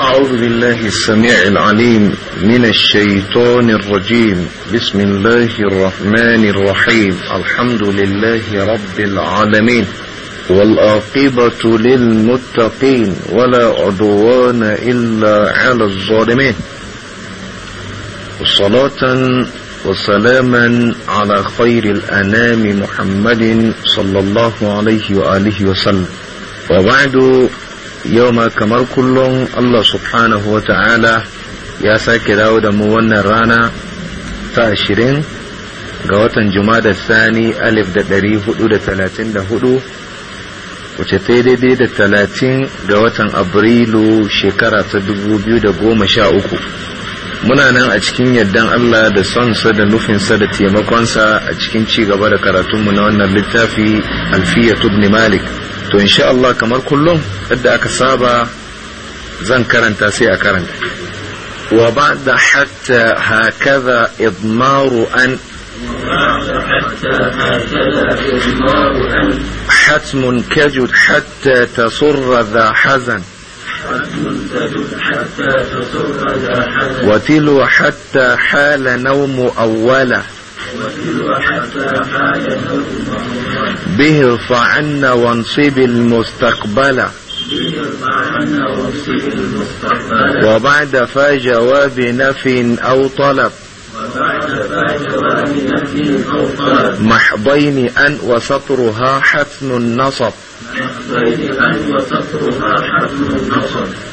أعوذ بالله السميع العليم من الشيطان الرجيم بسم الله الرحمن الرحيم الحمد لله رب العالمين والآقبة للمتقين ولا عدوان إلا على الظالمين صلاة وسلاما على خير الأنام محمد صلى الله عليه وآله وسلم وبعد yau ma kamar kullum Allah subhanahu wa ta'ala ya sake dawo da mu wannan rana ta ashirin ga watan da sani alif da ɗari hudu da talatin da hudu wace ta daidai da talatin ga watan abrilu shekara ta dubu biyu da goma sha uku muna nan a cikin yardan Allah da sonsa da nufinsa da taimakonsa a cikin ci gaba da karatunmu na wannan littafi alfiya tubni malik to insha Allah kamar kullum yadda aka saba zan karanta sai a karanta wa ba'da hatta hakaza idmaru an حتم كجد حتى تصر ذا حزن وتلو حتى حال نوم أوله به ارفع عنا وانصب المستقبل وبعد فا جواب نفي أو طلب محضين أن وسطرها حتم النصب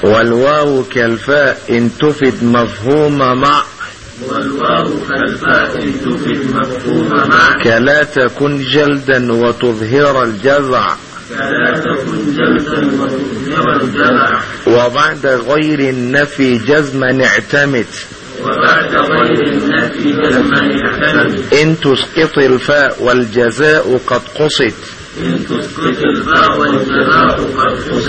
والواو كالفاء إن تفد مفهوم مع والواو خلفاء تفد مفهوم مع كلا تكن جلدا وتظهر الجزع كلا تكن جلدا وتظهر الجزع وبعد غير النفي جزما اعتمد وبعد غير النفي جزما اعتمد إن تسقط الفاء والجزاء قد قصد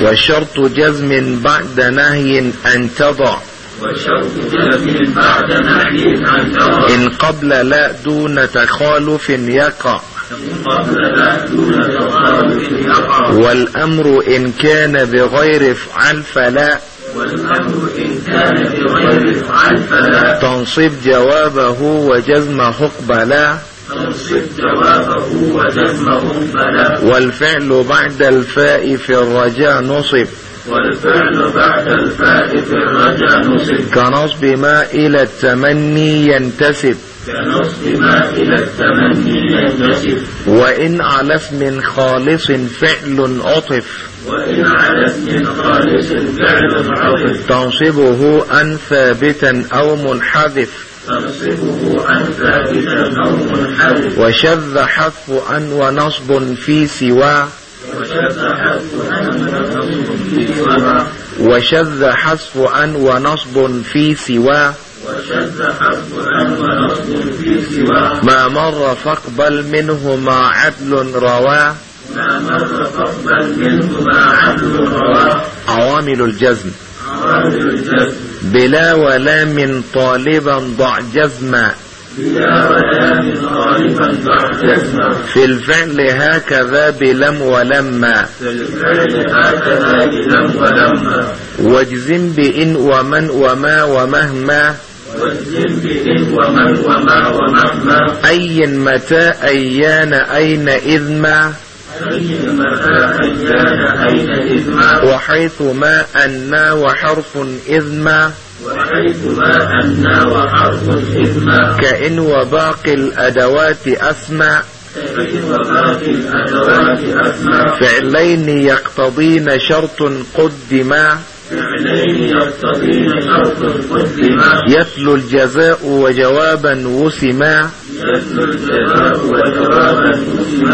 وشرط جزم بعد نهي أن تضع إن قبل لا دون تخالف يقع والأمر إن كان بغير فعل فلا تنصب جوابه وجزم حقب لا والفعل بعد الفاء في الرجاء نصب والفعل بعد الفاء في الرجاء نصب كنصب ما إلى التمني ينتسب كنصب ما إلى التمني ينتسب وإن على اسم خالص فعل عطف وإن على اسم خالص فعل عطف تنصبه أن ثابتا أو منحذف تنصبه أن ثابتا أو منحذف وشذ حذف أن ونصب في سواه وشذ حذف أن ونصب وشذ حذف أن ونصب في سواه ما مر فاقبل منه ما عدل رواه عوامل الجزم بلا ولا من طالبا ضع جزما في الفعل هكذا بلم ولما في الفعل هكذا بلم ولما واجزم بإن ومن وما ومهما واجزم بإن ومن وما ومهما أي متى أيان أين إذما وحيث ما أنا وحرف إذما وحيثما أن وحرف إثما كإن وباقي الأدوات أسمع فعلين يقتضين شرط قدما يتلو الجزاء وجوابا وسما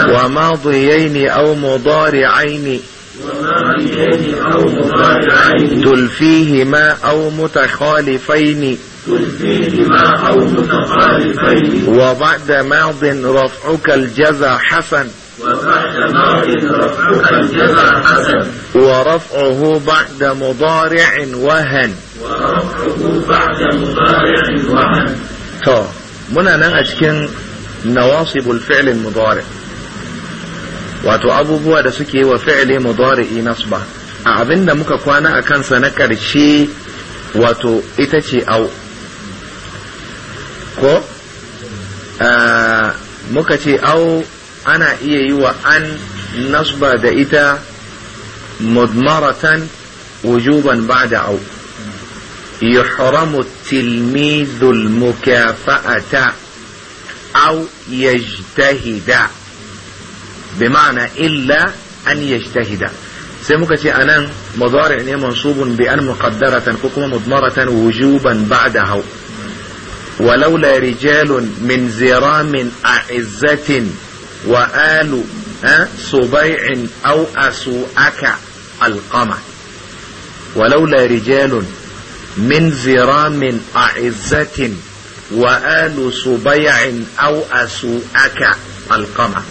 وماضيين أو مضارعين تلفيهما أو متخالفين تلفيهما أو متخالفين وبعد ماض رفعك الجزى حسن وبعد ماض رفعك الجزى حسن ورفعه بعد مضارع وهن ورفعه بعد مضارع وهن منا نان نواصب الفعل المضارع wato abubuwa da suke wa fi'li mudari'i nasba a abin da muka kwana a kansa na ƙarshe wato ita ce au ko muka ce au ana iya yi wa an nasba da ita mudmaratan wujuban ba da au يحرم التلميذ المكافأة أو يجتهد بمعنى إلا أن يجتهد سيموكا سي أنا مضارع إن منصوب بأن مقدرة حكم مضمرة وجوبا بعده ولولا رجال من زرام أعزة وآل صبيع أو أسوءك القمع ولولا رجال من زرام أعزة وآل صبيع أو أسوءك القمع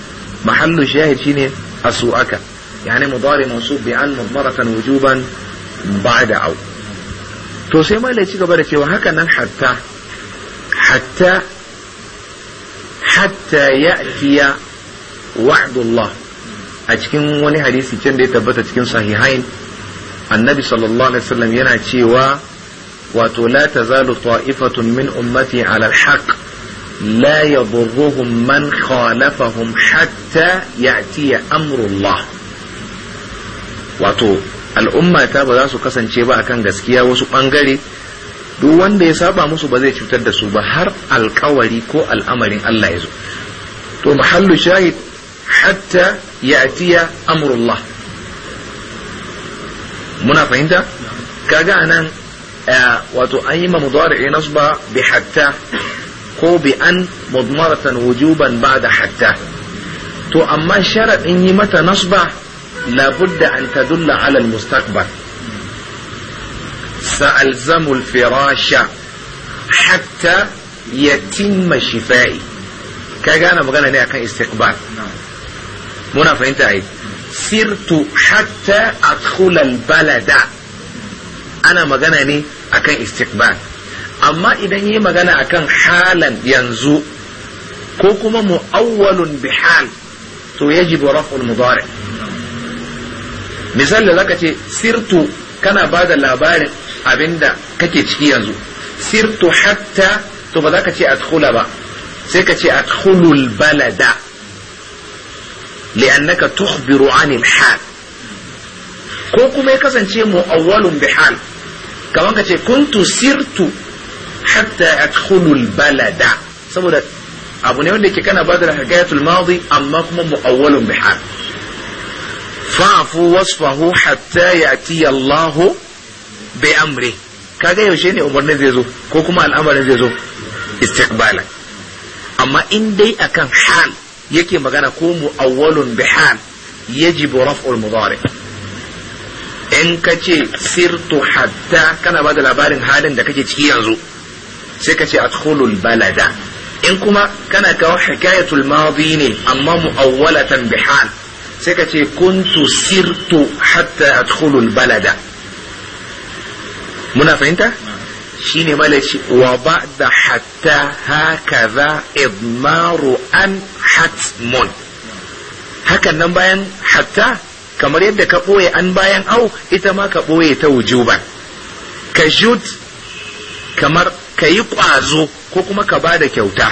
mahallu shahid shine asu aka yani mudari mansub bi an mudmaratan wujuban ba'da au to sai mai ci gaba da cewa haka nan hatta hatta hatta ya'tiya wa'dullah a cikin wani hadisi can da ya tabbata cikin sahihain annabi sallallahu alaihi wasallam yana cewa wato la tazalu ta'ifatun min ummati ala al-haqq لا يضرهم من خالفهم حتى يأتي أمر الله wato al'ummata ta ba za su kasance ba akan gaskiya wasu ɓangare duk wanda ya saba masu ba zai cutar da su ba har alkawari ko al'amarin Allah ya zo to mahallu shahid hatta ya'tiya amrullah muna fahimta kaga anan wato anyi ma mudari'i nasba ba hatta قوب أن مضمرة وجوبا بعد حتى تو أما شرط إني متى نصبع لابد أن تدل على المستقبل سألزم الفراش حتى يتم شفائي كأنا بغانا نعكا استقبال منا فانت عيد سرت حتى أدخل البلد أنا مغانا ني أكن استقبال amma idan yi magana akan halan yanzu ko kuma mu'awwalun bi hal to yajibu raf'ul mudari misali zaka ce sirtu kana bada labarin abinda kake ciki yanzu sirtu hatta to ba zaka ce adkhula ba sai ka ce adkhulul balada li'annaka tukhbiru 'anil hal ko kuma ya kasance mu'awwalun bi hal kamar ka ce kuntu sirtu hatta adkhulul balada saboda abu ne wanda yake kana ba da hikayatul madi amma kuma mu'awwalun bihal fa'fu wasfahu hatta ya'ti Allah bi amri kaga yaushe ne umarnin zai zo ko kuma al'amarin zai zo istiqbala amma in dai akan hal yake magana ko mu'awwalun bihal yajibu raf'ul mudari in kace sirtu hatta kana ba da labarin halin da kake ciki yanzu sai ka ce adkhulul balada in kuma kana kawo hikayatul madi ne amma mu'awwalatan bihal sai ka ce kuntu sirtu hatta adkhulul balada muna fahimta shine malaci wa ba'da hatta hakaza idmaru an hatmun hakan nan bayan hatta kamar yadda ka ɓoye an bayan au ita ma ka ɓoye ta wujuban ka kamar ka yi ƙwazo ko kuma ka ba da kyauta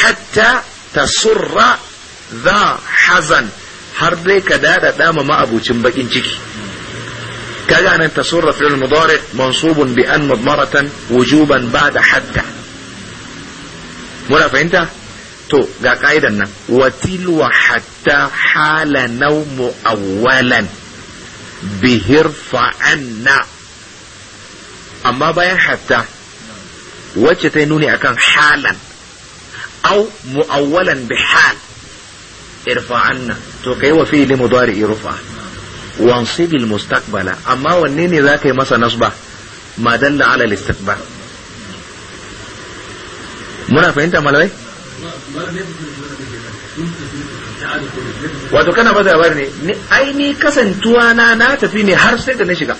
hatta ta surra za hazan har dai ka dada dama ma'abucin bakin ciki Ka nan ta surra filin mudari mansubun bi an mudmaratan wujuban ba'da hatta muna fahimta to ga ƙa'idan nan watilwa hatta hala naumu awwalan bihir fa'anna amma bayan hatta wacce ta nuni akan halan au mu'awwalan bi hal irfa'anna to kai wa fi'li mudari irfa wansib al mustaqbala amma wanne ne zaka yi masa nasba ma dalla ala istiqbal muna fahimta malai wato kana ba labar ne ai ni kasantuwa na na tafi ne har sai da na shiga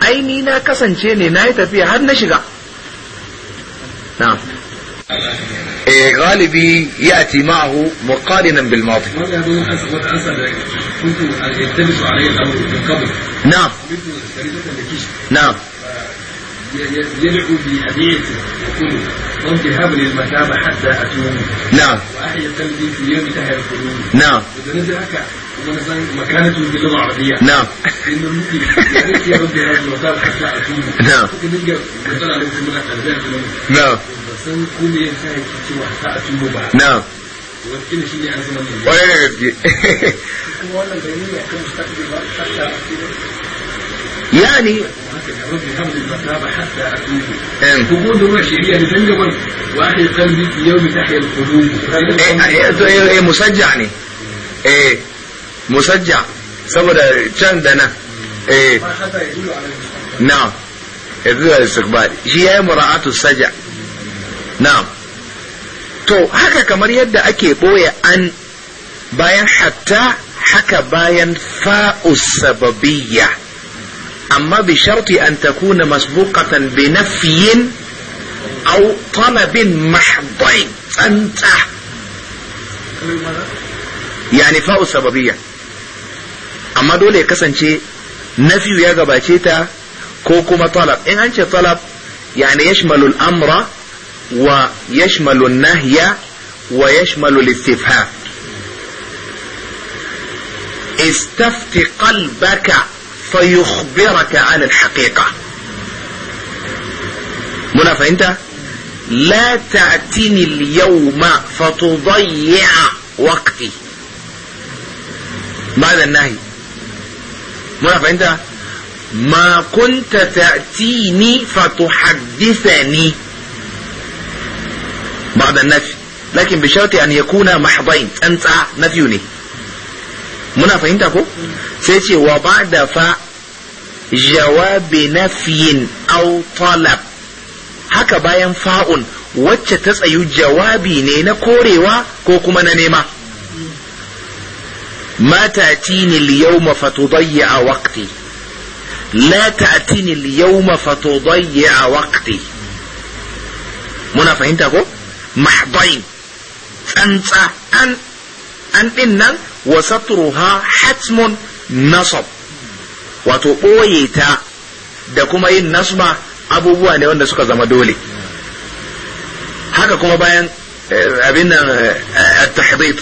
aini na kasance ne na yi tafiya har na shiga na'am eh galibi ya'ti ma'ahu muqarinan bil madi na'am na'am يدعو بأبيته يقول رب هب لي المتابة حتى أتوني نعم وأحيا قلبي في يوم تهر قلوبي نعم haka. مكانته في اللغة العربية نعم نعم نعم نعم kwarai da gaske yani musajja ne eh مسجع سبب كان دنا إيه. نعم يدل على الاستقبال هي مراعاة السجع نعم تو هكا كما يد أكي بويا أن باين حتى هكا باين فاء السببية أما بشرط أن تكون مسبوقة بنفي أو طلب محضين أنت يعني فاء السببية amma dole ya kasance nafiyu ya gabace ta ko kuma talab in an ce talab yani yashmalu al-amra wa yashmalu an-nahya wa yashmalu al-istifham استفت قلبك فيخبرك عن الحقيقة منا فهمت لا تأتني اليوم فتضيع waqti ماذا النهي muna fahimta ma kunta ta'tini fa tuhaddithani Lakin النفي لكن بشرط kuna يكون محضين na نفي ne muna fahimta ko sai ce wa ba da fa jawabi nafiyin au talab haka bayan fa'un wacce ta tsayu jawabi ne na korewa ko kuma na nema ما تأتيني اليوم فتضيع وقتي لا تأتيني اليوم فتضيع وقتي منا فهمت أقول محضين أنت أن أن إن وسطرها حتم نصب وتقويت دكما إن نصب أبو بواني وأن سكا زمدولي هكا كما بيان آه، أبين آه، التحضيط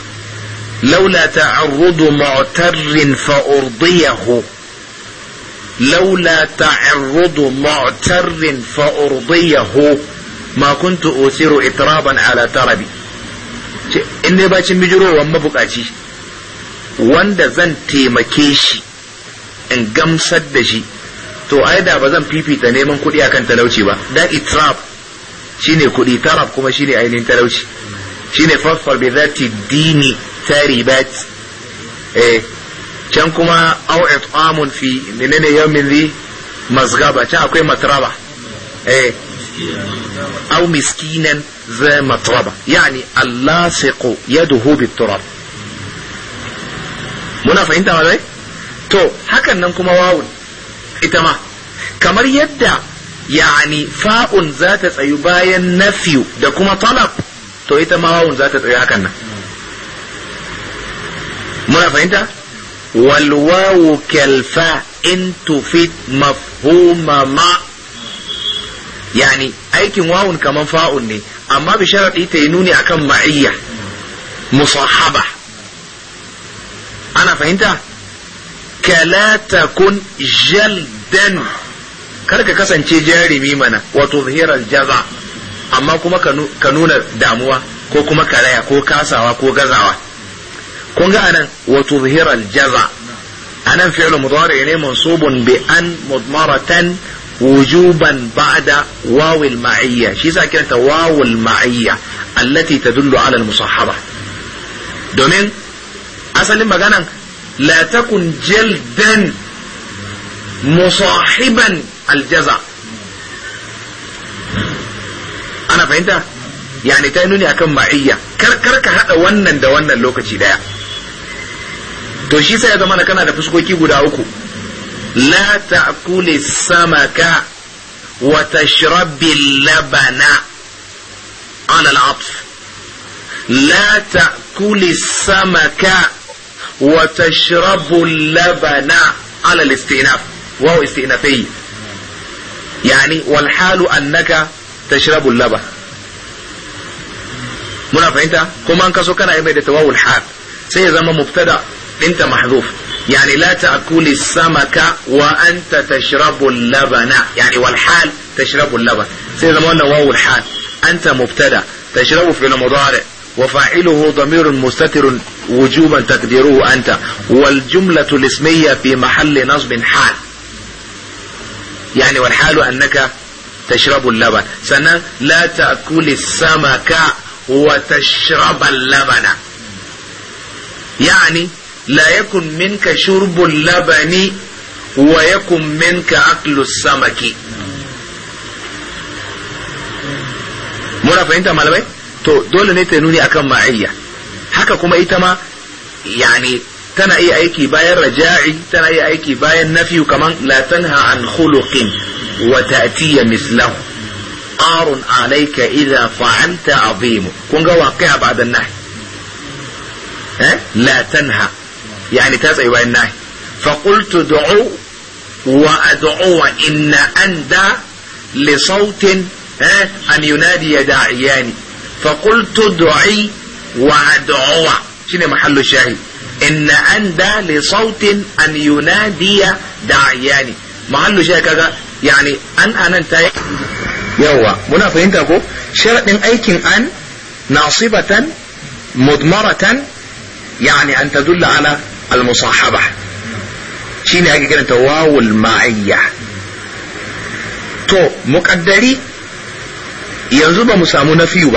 لولا تعرض معتر فأرضيه لولا تعرض معتر فأرضيه ما كنت أثير إطرابا على تربي in dai bacin bijirowar mabukaci wanda zan taimake shi in gamsar da shi to ai da ba zan fifita neman kuɗi akan talauci ba da itrab shine kuɗi tarab kuma shine ainihin talauci shine faffar bi zati dini تاريبات كان كما او اطعام في منين يوم ذي مزغبة كان اكوية مطربة ايه او مسكينا ذا مطربة يعني اللاصق يده بالتراب منافع انت ماذا تو هكا ننكما واون اتما kamar yadda يعني fa’un za ta نفيو bayan nafiyu da kuma talab to ita ma za muna fahimta walwawu wawu in tufid mafhuma ma yani aikin wawun kaman fa'un ne amma bi sharadi ta yi nuni akan ma'iyya musahaba ana fahimta kala takun jaldan kar ka kasance jarimi mana wato zahirar jaza amma kuma ka nuna damuwa ko kuma karaya ko kasawa ko gazawa kun ga anan wa tuzhira aljaza anan fi'l mudari ne mansubun bi an mudmaratan wujuban ba'da waw al-ma'iyya shi yasa kiranta waw al-ma'iyya allati tadullu ala al-musahaba domin asalin maganan la takun jaldan musahiban aljaza ana fahimta yani ta nuni akan ma'iyya kar kar ka hada wannan da wannan lokaci daya to shi sai ya zama kana da fuskoki guda uku la ta'kuli samaka wa tashrabi labana ala al'af la ta'kuli samaka wa tashrabu labana ala al-istinaf wa istinafi yani wal halu annaka tashrabu al-laba muna fahimta kuma an kaso kana yi mai da tawawul hal sai ya zama mubtada انت محذوف يعني لا تأكل السمك وأنت تشرب اللبن يعني والحال تشرب اللبن سيدنا ما قلنا واو الحال أنت مبتدا تشرب في المضارع وفاعله ضمير مستتر وجوبا تقديره أنت والجملة الاسمية في محل نصب حال يعني والحال أنك تشرب اللبن سنة لا تأكل السمك وتشرب اللبن يعني لا يكن منك شرب اللبن ويكن منك أكل السمك مرافع انت مالبي تو دول نيت نوني أكم معي حكا كما ايتما يعني تنا اي ايكي باي الرجاعي تنا اي ايكي باي النفي وكمان لا تنهى عن خلق وتأتي مثله قار عليك إذا فعلت عظيم كون قوى بعد النحي لا تنهى يعني تاسعي وإن الناهي فقلت دعو وأدعو إن أندى لصوت أن ينادي داعياني فقلت دعي وأدعو شنو محل الشاهد إن أندى لصوت أن ينادي داعياني محل الشاهد كذا يعني أن أنا انتهي يوا منا أكو شرط أيكن أن ناصبة مضمرة يعني أن تدل على al-musahaba ne ake kiranta wawul ma'ayya to muƙaddari yanzu ba samu na fiyu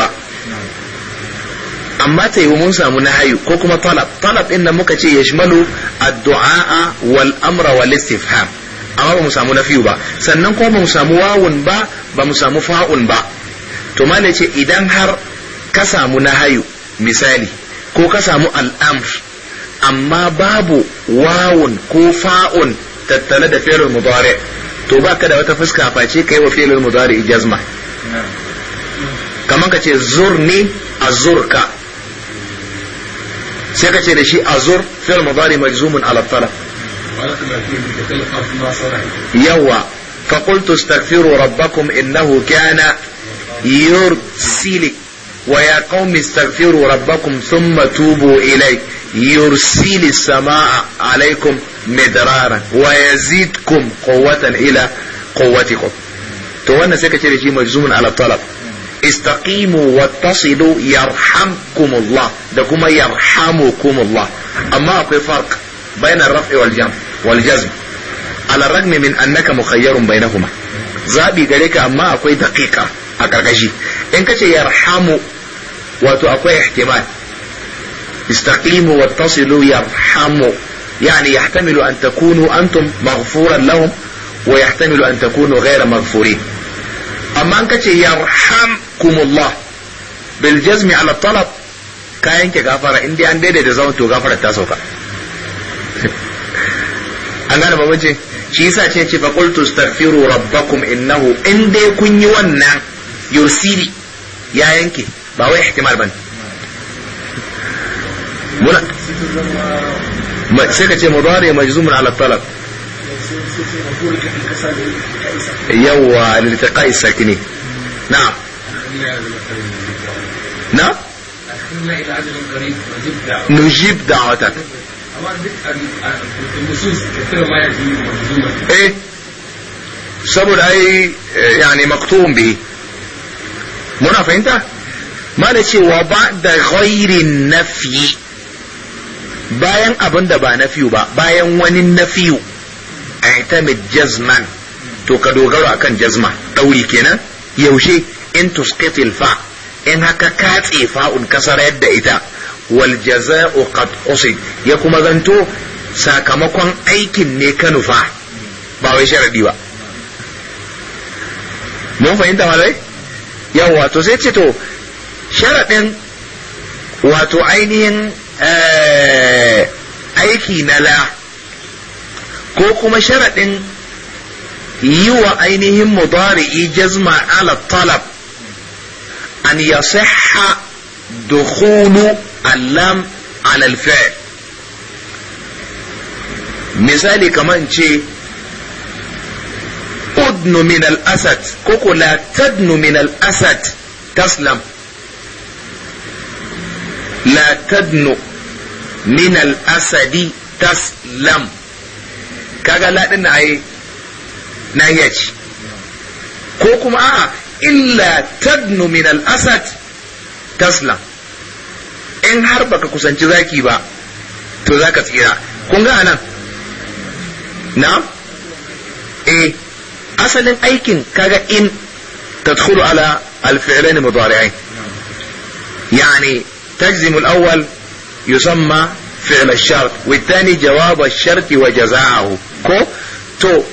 amma ta yiwu mun samu na hayu ko kuma talab talab ɗin nan muka ce ya shimalu addu'a wal amra wal istifham amma ba samu na fiyu sannan ko ba samu wawun ba bamu samu fa'un ba to ma ce idan har ka samu na hayu misali ko ka samu al'amr amma babu wawun ko fa'un tattale da fi'il mudari to baka da wata fuska face kai wa fi'il mudari jazma kamar ka ce zur zurni azurka sai ka ce da shi azur fi'il mudari majzumun ala talab yawa فقلت استغفروا ربكم إنه كان يرسلك ويا قوم استغفروا ربكم ثم توبوا إليه يرسل السماء عليكم مدرارا ويزيدكم قوة إلى ila to wannan sai ka ce da shi majzumun ala talab istaqimu wattasilu yarhamkumullah da kuma yarhamukumullah amma akwai fark. bayna ar-raf'i wal jam wal jazm ala ragmi min annaka mukhayyarun bainahuma zabi gare ka amma akwai daqiqa a karkashi in kace yarhamu wato akwai ihtimal استقيموا واتصلوا يرحموا يعني يحتمل أن تكونوا أنتم مغفورا لهم ويحتمل أن تكونوا غير مغفورين أما أنك يرحمكم الله بالجزم على الطلب كاين كغفر إندي أن ديدي تزونتو غفر التاسوكا an gane babanci shi yasa ce ce faqultu astaghfiru rabbakum innahu in dai kun yi wannan yursili ya yanke ba wai ihtimal bane منك ما سيكا شيء مجزوم على الطلب يو للتقاء الساكنين نعم نعم نجيب دعوتك ايه سبب اي يعني مقطوم به منافع انت ما نشي وبعد غير النفي bayan abin da ba nafiyu ba bayan wani nafiyu aitamid jazman to ka dogaro kan jazma ɗauri kenan yaushe in tusqitil fa in haka katse fa'un kasar yadda ita wal jaza'u qad ya kuma zanto sakamakon aikin ne ka nufa ba wai sharadi ba mun fahimta malai yawa to sai ce to sharadin wato ainihin eh, aiki na la ko kuma sharaɗin yi wa ainihin mudari'i jazma ala talab an yasihha dukhulu allam ala alfi'l misali kaman ce udnu min al-asad koko la tadnu min al-asad taslam la tadnu min asadi taslam kaga laɗin na yi nahiya ce ko kuma a illa tadnu min asad taslam in har baka kusanci zaki ba to ka tsira kun ga nan na e eh, asalin aikin kaga in تدخل على الفعلين المضارعين يعني تجزم الأول يسمى فعل الشرط والثاني جواب الشرط وجزاءه كو تو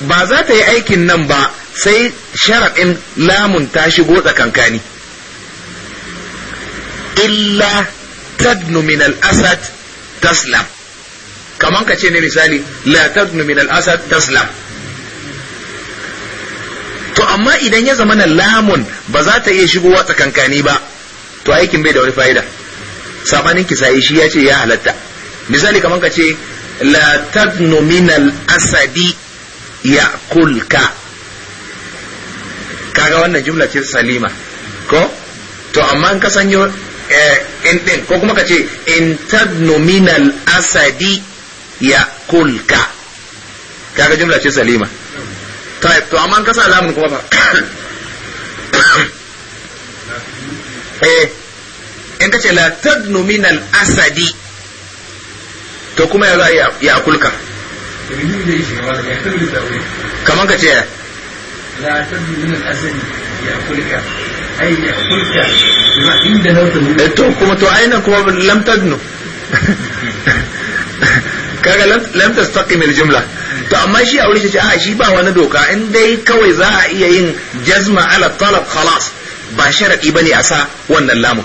ba za ta yi aikin nan ba sai sharaɗin lamun ta shigo tsakankani illa tadnu min al-asad taslam kaman ka ce ne misali la tadnu min taslam to amma idan ya zama na lamun ba za ta iya shigowa tsakankani ba to aikin bai da wani fa'ida sabanin kisayi shi ya ce ya halatta misali kamar ka ce la tadnu min al asadi ya kulka kaga wannan jumla ce salima ko to amma in ka sanyo eh, in din ko kuma ka ce in tadnu min al asadi ya kulka kaga jumla ce salima طيب تو امان كسا لامن ba. ايه in ka ce la tagnu min al asadi to kuma ya za ya akulka kaman ka ce la tadnu min al asadi ya akulka ai ya akulka inda nautu eh, to kuma to aina kuma lam tadnu kaga lam tastaqim al jumla to amma shi a wuri shi a shi ba wani doka in dai kawai za a iya yin jazma ala talab khalas ba sharadi bane a sa wannan lamun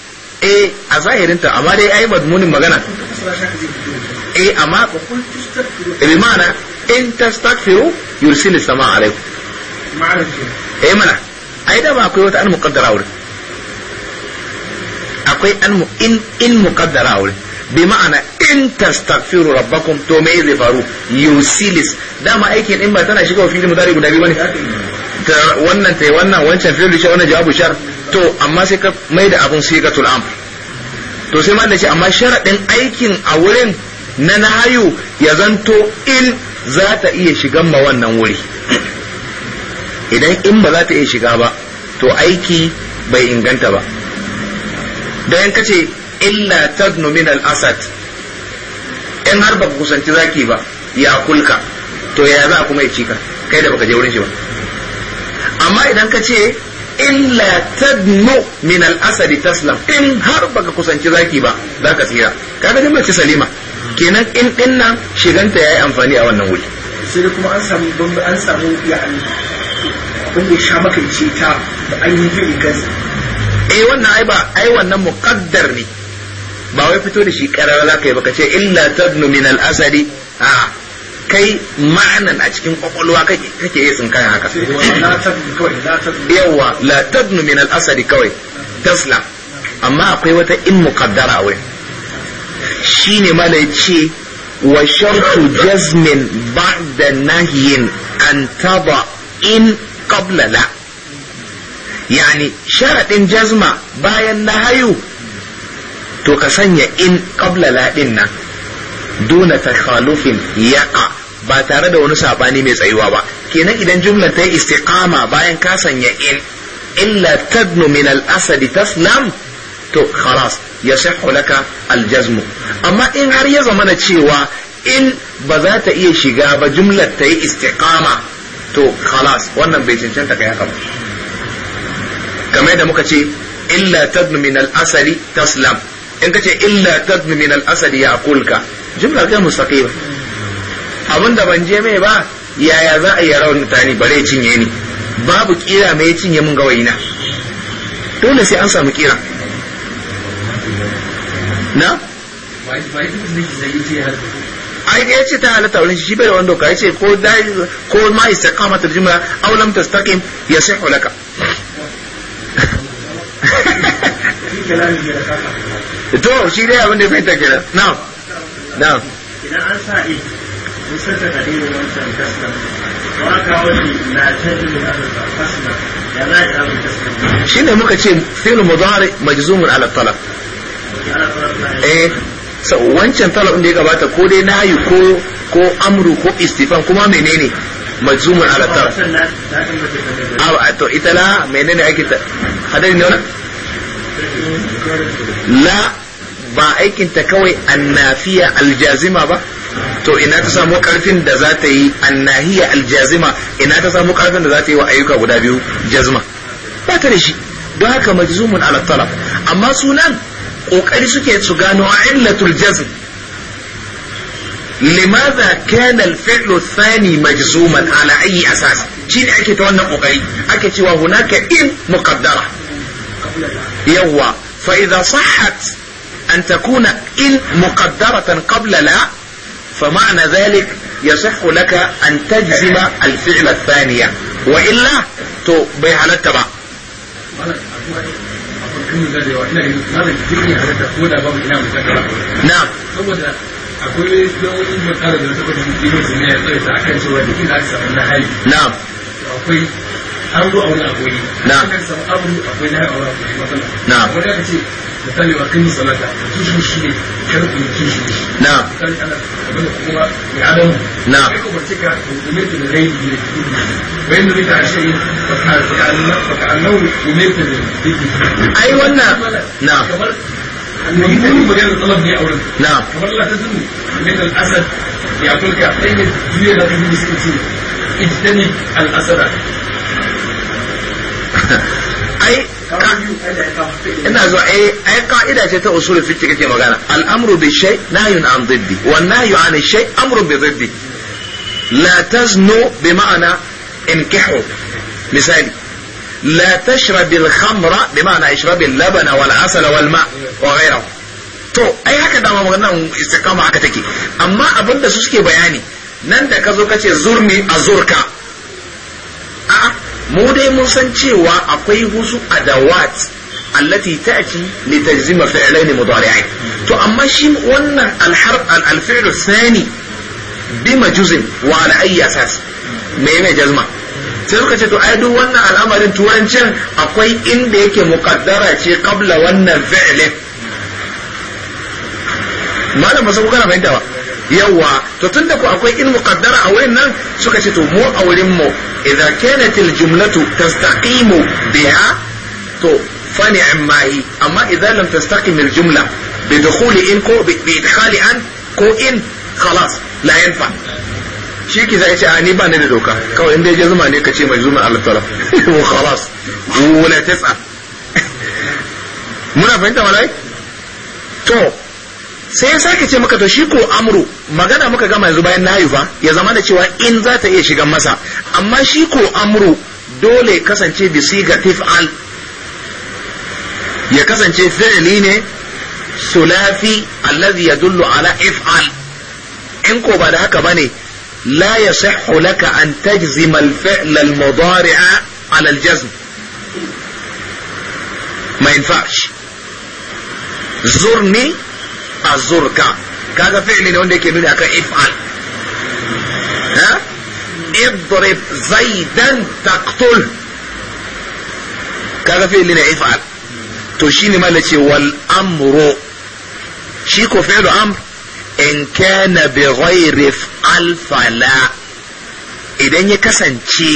eh a zahirinta amma dai ai madmunin magana eh amma bi ma'ana in tastaghfiru yursilu sama alaikum eh mana ai da ba akwai wata an muqaddara wuri akwai an in in muqaddara wuri bi ma'ana in tastaghfiru rabbakum to mai zai faru yusilis dama aikin in ba tana shiga fili mudari guda biyu bane wannan tai wannan wancan fili shi wannan jawabu shar to amma sai ka mai da abun ka tul'am to sai ma da ce amma sharaɗin aikin a wurin na nahayu ya zanto in za ta iya shigan ma wannan wuri idan in ba za ta iya shiga ba to aiki bai inganta ba don kace illa tadnu min al-asad in har ba kusanci zaki ba ya kulka to ya za kuma ya cika kai da baka je wurin shi ba amma idan ka ce in la tadnu min al-asadi taslam in har baka kusanci zaki ba zaka tsira kaga jama'a ce salima kenan in din nan shiganta yayi amfani a wannan wuri sai kuma an samu bamba an samu ya'ani wanda ya sha makance ta da ainihin gaza eh wannan ai ba ai wannan muqaddar ne ba wai fito da shi karara zaka yi baka ce illa tadnu min al-asadi a'a kai ma'anan a cikin kwakwalwa kake iya tsinkayen haka yawa la tabnu min al'asari kawai tasla amma akwai wata in muqaddara wai shine mala ce wa shartu jazmin ba'da nahyin an taba in qabla la yani sharadin jazma bayan na hayu. to ka sanya in qabla la din nan duna takhalufin yaƙa. ba tare da wani sabani mai tsayuwa ba kenan idan jumlar ta yi istiqama bayan ka sanya in illa tadnu min al-asadi taslam to khalas ya shahu laka aljazmu amma in har ya zama na cewa in ba za ta iya shiga ba jumlar ta yi istiqama to khalas wannan bai cancanta kai haka ba kamar da muka ce illa tadnu min al-asadi taslam in kace illa tadnu min al-asadi yaqulka jumla ga mustaqima abin da ban je mai ba yaya za a yi rawar mutane bare ya cinye ni babu kira mai ya cinye mun gawayina dole sai an samu kira na ai da yace ta halatta wurin shi bai da wani doka yace ko dai ko ma kama ta aulam ta stakin ya yasihu hulaka to shi dai abin da bai na na idan an kusa ta wancan wani shine muka ce filin mudari majzumun ala talab eh so wancan talab da ya gabata ko dai nayi ko ko amru ko istifan kuma menene majzumun ala talab a ah, ah, to itala menene ake ta hadari ne la ba aikinta kawai annafiya aljazima ba to ina ta samu karfin da za ta yi annahiya aljazima ina ta samu karfin da za ta yi wa ayyuka guda biyu jazma ba ta da shi don haka majzumun ala talab amma sunan kokari suke su gano illatul jazm limadha kana al-fi'l ath-thani majzuman ala ayi asas shine ake ta wannan kokari ake cewa hunaka in muqaddara yawa fa idha sahhat an takuna in muqaddaratan qabla la فمعنى ذلك يصح لك أن تجزم الفعل الثانية وإلا تو بيها لتبع نعم نعم an zo a wani abu na kan samu abu akwai na yawa akwai matsala na wani aka ce misali wa kin salata kishin shi ne kar ku kishin shi na kan ana abin kuma ya adam na kai ko bace ka umirtu da rai ne wayan da ka shi ba ka ka Allah ba ka Allah umirtu da rai ai wannan na kamar na ya ce اجتنب الأسد ai ina zo ai eh, ai ka'ida ce ta usul fiqh kake magana Al'amru bi shay nahyun an diddi wa nahyu an shay amru bi diddi la taznu bi ma'ana inkihu misali لا تشرب الخمر بمعنى اشرب اللبن والعسل والماء وغيره to ai haka dama maganan istiqama haka take amma abinda su suke bayani nan da kazo kace zurmi a zurka a mu dai mun san cewa akwai wasu adawat allati ta'ti li tajzima fi'lain mudari'ain to amma shi wannan alhar al-fi'l thani bi majuzin wa ala ayi asas me ne jazma sai suka ce to ai duk wannan al'amarin turancin akwai inda yake muqaddara ce qabla wannan fi'lin malam ba sai kuka fahimta ba yawa to tunda ku akwai ilmu kaddara a wurin nan suka ce to mu a wurin mu idza kanat al jumlatu tastaqimu biha to fani amma hi amma idza lam tastaqim al jumla bi dukhuli in ko bi idkhali an ko in khalas la yanfa shi ki zai ce a ni ba ni da doka kawai in dai zuma ne ka ce mai zuma al talab mu khalas wala tas'a muna fahimta malai to sai ya sake ce maka to shi ko amru magana muka gama yanzu bayan na fa ya zama da cewa in za ta iya shiga masa amma shi ko amru dole kasance bisi ga tif'al ya kasance fi'li ne sulafi allazi yadullu ala if'al in ko ba da haka bane la yasihhu laka an tajzima al-fi'l al-mudari'a ala al-jazm ma azurka kaga fi'li ne wanda yake nuni akan if'al ha idrib zaidan taqtul kaga fi'li ne if'al to shine ma nace wal amru shi ko fi'lu amr in kana bi ghairi fala idan ya kasance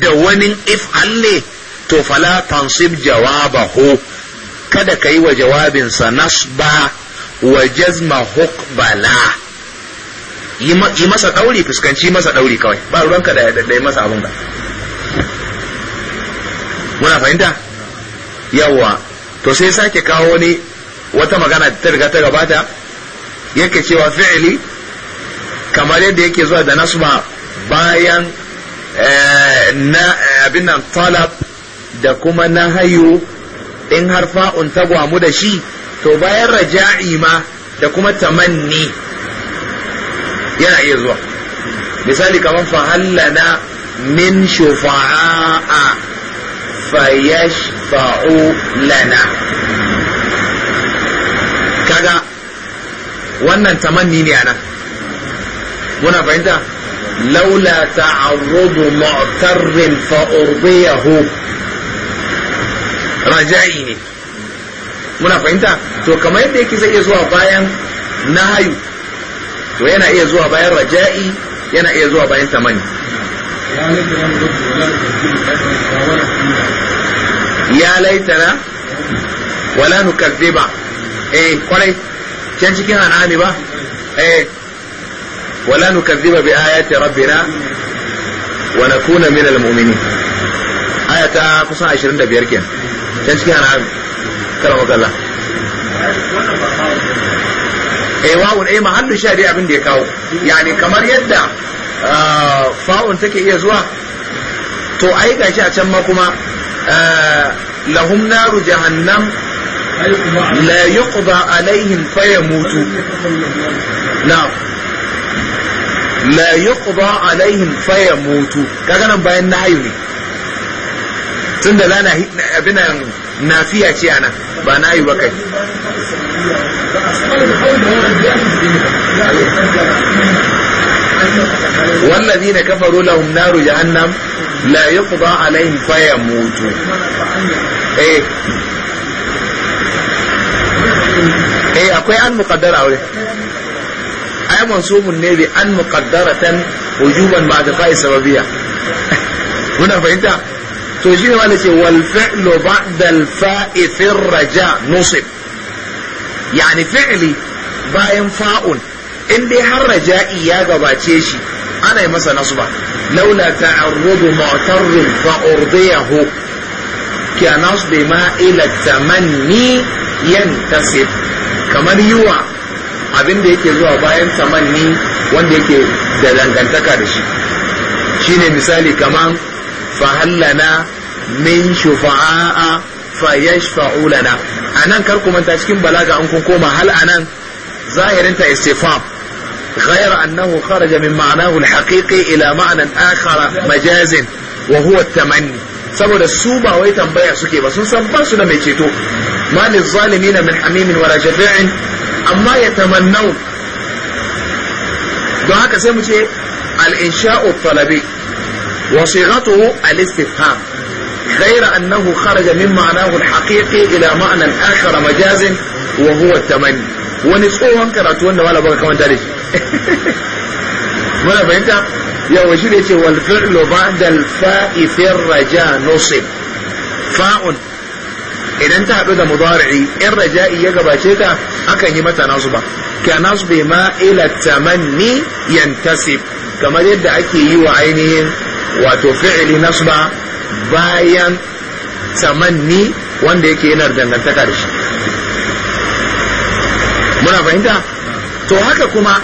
da wani if'al ne to fala tansib jawabahu kada ka yi wa jawabinsa nasba wa jazma hukbala yi masa ɗauri fuskanci masa ɗauri kawai ba ruwanka da ya masa abin ba muna fahimta Yawwa to sai sake kawo ne wata magana ta riga ta gabata yake cewa fi'ili kamar yadda yake zuwa da nasma bayan eh, na eh, abin nan talab da kuma na hayu in har fa'un tagwamu da shi to bayan raja'i ma da kuma tamanni yana iya zuwa misali kamar fahallana min shufa'a fayashfa'u lana kaga wannan tamanni ne ana muna fahimta laula ta'arrudu mu'tarrin fa raja'i ne muna fahimta to kamar yadda yake zai iya zuwa bayan nahayu to yana iya zuwa bayan raja'i yana iya zuwa bayan tamani ya laitana wala nukazziba eh kwarai can cikin hanani ba eh wala nukazziba bi ayati rabbina wa nakuna min al mu'minin aya ta kusan biyar kenan can cikin eh wawun eh mahallu abin da ya kawo yani kamar yadda ah, fa'un take iya zuwa to ai gashi a can ma kuma ah, lahum naru jahannam la yuqda alaihim fayamutu na'am la yuqda alaihim fayamutu kaga nan bayan nahayu ne tun da zana abinan nafiya ce ana ba na yi ba kai wallazi na kafaru lahum ya jahannam la yuqda alayin fayamutu mutu. Eh. eh akwai an muqaddara aure ay mun ne bi an muqaddaratan wujuban ba'da fa'i sababiya. muna fahimta to shi ne wani ce wal fi'lu ba'da raja nusib yani fi'li bayan fa'un in dai har raja'i ya gabace shi ana yi masa nasba laula ta'arrudu mu'tarrin fa urdiyahu ka nasbi ma ila tamanni yantasib kamar yiwa abin da yake zuwa bayan tamanni wanda yake da dangantaka da shi shine misali kamar فهل لنا من شفعاء فيشفعوا لنا أنا كركو من تشكين بلاغة أنكم كوما هل أنا ظاهر أنت استفهام غير أنه خرج من معناه الحقيقي إلى معنى آخر مجاز وهو التمني saboda su ba wai tambaya suke ba sun san ba su da mai ceto ma lil zalimin min hamimin wala shafi'in amma tamannau. don haka sai mu ce al insha'u talabi وصيغته الاستفهام غير أنه خرج من معناه الحقيقي إلى معنى آخر مجاز وهو التمني ونسخه أنكر أتونا ولا بقى كمان دارج ماذا فهمت يا وجيل والفعل بعد الفاء في الرجاء نصب فاء إذا انت هذا مضارعي الرجاء يجب شيء أكا يمتى نصبه كنصب ما إلى التمني ينتسب kamar yadda ake yi wa ainihin wato fi'ili nasba bayan tamanni wanda yake yana dangantaka da shi muna fahimta to haka kuma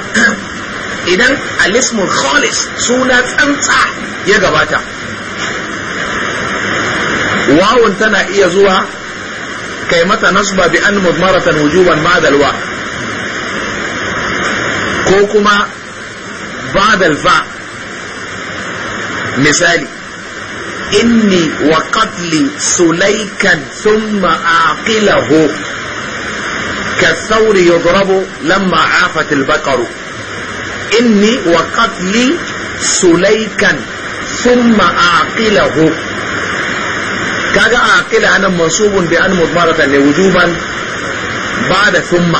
idan alismul khalis suna tsantsa ya gabata wawun tana iya zuwa kai mata nasba bi an mudmaratan wujuban ma'adalwa ko kuma بعد الفاء مثالي إني وقتل سليكا ثم أعقله كالثور يضرب لما عافت البقر إني وقتل سليكا ثم أعقله كذا أعقل أنا منصوب بأن مضمرة لوجوبا بعد ثم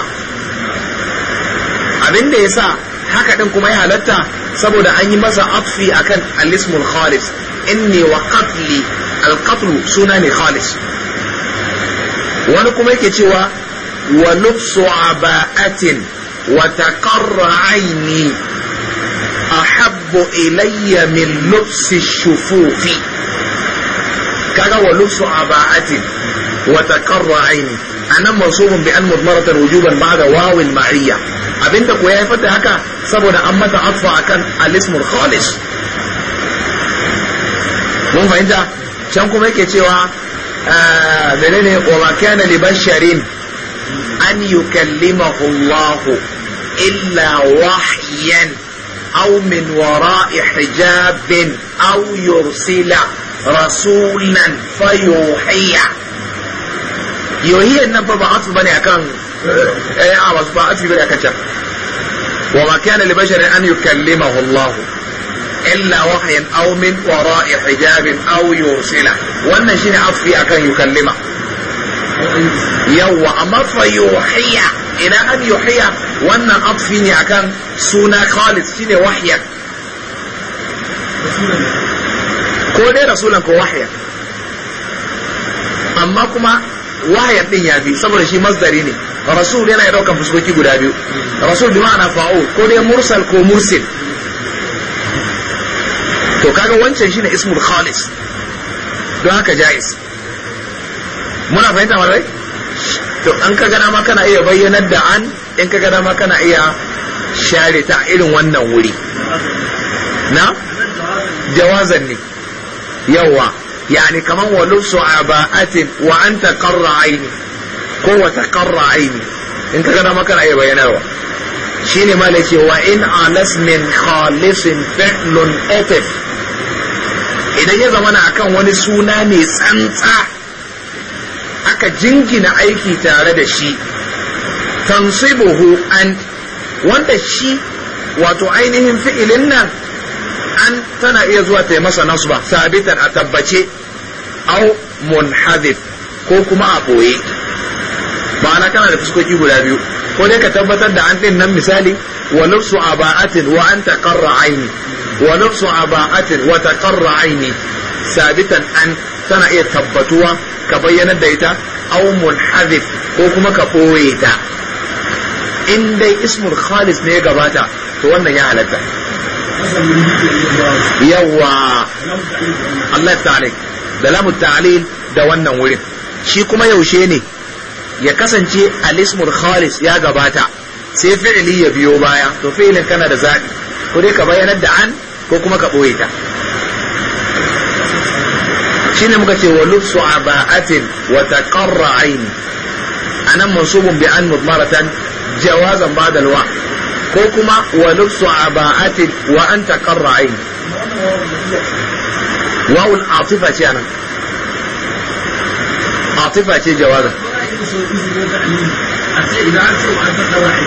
أبين da haka din kuma ya halatta saboda an yi masa afi akan kan ismul khalis inni wa qatli al-qatlu suna ne khalis wani kuma yake cewa wa lubsu aba'atin wa taqarra aini ahabbu ilayya min lubsi shufufi kaga wa lubsu aba'atin wa taqarra aini anan mansubun bi an mudmaratan wujuban ba'da wawil ma'iyya abinda ko yayi fata haka saboda an mata atfa akan al-ismul khalis mun fahimta can kuma yake cewa menene wa ma kana li basharin an yukallimahu Allah illa wahyan أو من وراء حجاب aw yursila rasulan fayuhiya yohiyar nan fa ba asu bane akan eh a wasu ba asu bane akan can wa ma kana li basharin an yukallimahu Allah illa wahyan aw min wara'i hijabin aw yursila wannan shine afi akan yukallima yawa amma fa yuhiya ila an yuhiya wannan afi ne akan suna khalis shine wahya ko dai rasulan ko wahya amma kuma wahayar din ya fi saboda shi masdari ne rasul yana daukan fuskoki guda biyu rasul bi ma'ana fa'o ko dai mursal ko mursil to kaga wancan shine ismul khalis don haka jais muna fahimta rai to an ka gana ma kana iya bayyanar da an in ka gana ma kana iya share ta irin wannan wuri na jawazan ne yawa yani kaman wa lubsu aba'atin wa an taqarra aini ko wa taqarra aini in ka gana maka ra'ayi bayanawa ce wa in alas min khalisin fi'lun atif idan ya zama na akan wani suna ne tsantsa aka jingina aiki tare da shi tansibuhu an wanda shi wato ainihin fi'ilin nan an tana iya zuwa ta yi masa nasba sabitan a tabbace au munhadif ko kuma a ɓoye ma'ana kana da fuskoki guda biyu ko dai ka tabbatar da an ɗin nan misali wa nufsu ba'atin wa an taqarra aini wa nufsu ba'atin wa aini sabitan an tana iya tabbatuwa ka bayyanar da ita au munhadif ko kuma ka ɓoye ta in dai ismul khalis ne ya gabata to wannan ya halatta yawa Allah ta'alik da lamu ta'alil da wannan wurin shi kuma yaushe ne ya kasance alismul khalis ya gabata sai fi'ili ya biyo baya to filin kana da zaɓi ko dai ka bayanar da an ko kuma ka ɓoye ta shine muka ce wa lubsu aba'atin wa taqarra aini anan mansubun bi an mudmaratan jawazan ba'da ko kuma wa lubsu aba'atin wa anta qarra ayn wawul atifa ce anan atifa ce jawaza a ce idan an ce wa anta qarra ayn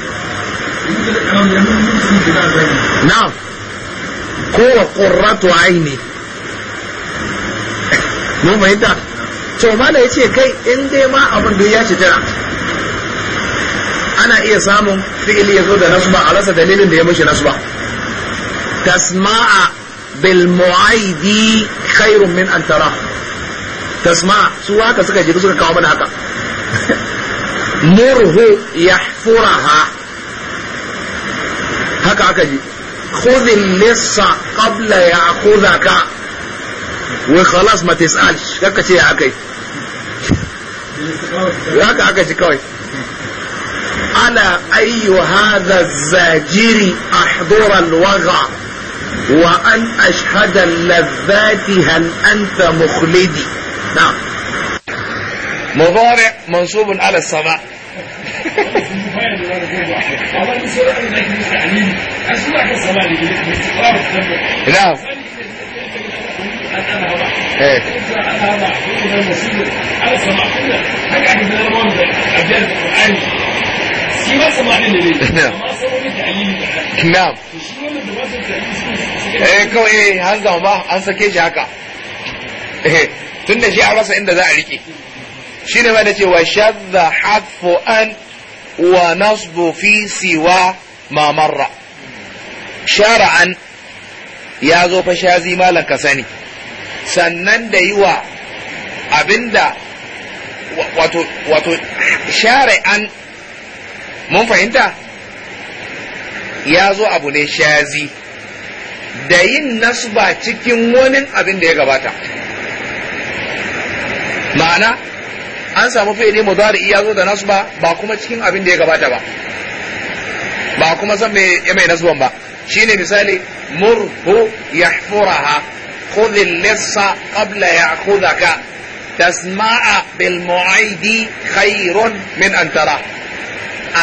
na ko wa qurratu aini mun fahimta to mala yace kai in dai ma abin da ya ci tara ana iya samun fi'ili ya zo da ba a rasa dalilin da ya nasu ba. tasma'a bil mu'aidi khairun min an tara tasma'a su haka suka je suka kawo mana haka murhu yahfuraha haka aka ji khudhin lissa qabla ya'khudhaka wai khalas ma tis'al kaka ce ya akai haka aka ji kawai ala ayyu hadha zajiri ahdura alwaga wa an ashhada ladhati hal anta mukhlidi na'am مضارع منصوب على السماء نعم na'am eh kawai eh an zama an sake shi haka eh tunda shi a rasa inda za a rike shi ne mana cewa shadda hafu an wa nasbu fi siwa mamarra shara'an ya zo fa shazi malan ka sani sannan da yi wa abinda wato wato shara'an mun fahimta ya zo abu ne shazi da yin nasba cikin wani abin da ya gabata ma'ana an samu fi ne mazari iya zo da nasuba ba ba cikin abinda ya gabata ba ba kuma san nasuba ba shine misali murhu yahfuraha khudh lissa qabla ya'khudhaka tasma'a bil mu'aydi khairun min an tara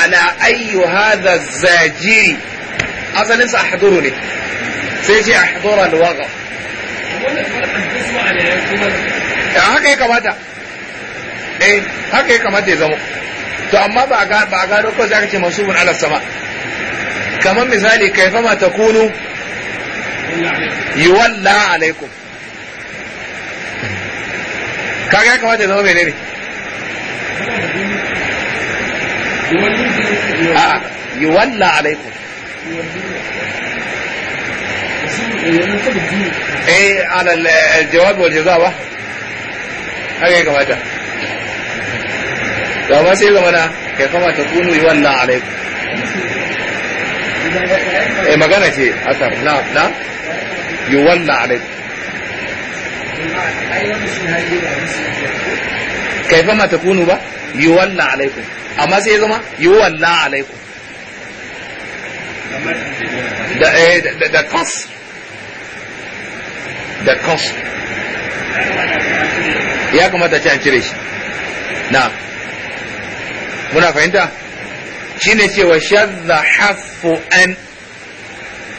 ala ayyu hadha zajiri asalin sa ahduru ne sai ji ahdura al-waga haka ya kamata ɗaya eh, haka ya kamata ya zama to amma ba a gano ko za ce masu ala sama kamar misali kaifa ma ta kunu yuwalla alaikum kaga ya kamata ya zama menene Yi yuwalla alaikum ايه على الجواب والجزاء jaza ba haka ya kamata to amma sai zama na kai kama ta kunu yi wannan alaikum eh magana ce asar na na yi wannan alaikum kai fama ta kunu ba yi wannan alaikum amma sai zama yi wannan alaikum da eh da kas da kas ya kamata ce an cire shi na'am muna fahimta shine cewa shadda hafu an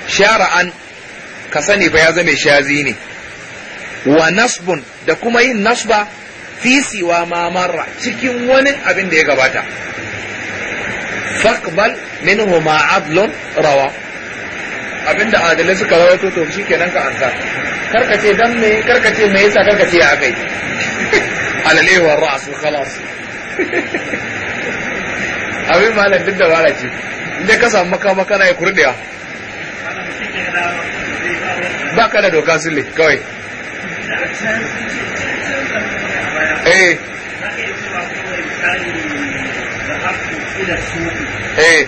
shara an ka sani ba ya zame shazi ne wa nasbun da kuma yin nasba fi siwa mamara cikin wani abin da ya gabata faqbal min homa adlun rawa abinda adalai suka rawaito to shi kenan ka ansa karkace dan me karkace me yasa karkace ya akai alalewar wa ra'su khalas abin malam duk dabara ce inda ka samu makama kana ya kurdewa ba ka da doka sule kawai eh eh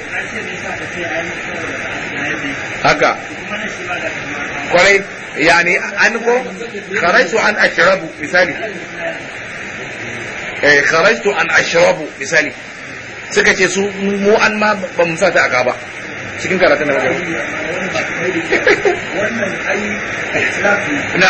haka kwarai ne an ko kharajtu an ashrabu misali eh kharajtu an ashrabu misali suka ce su mu an ma ba mu sa ta aka ba cikin karatun da wajen wannan ai na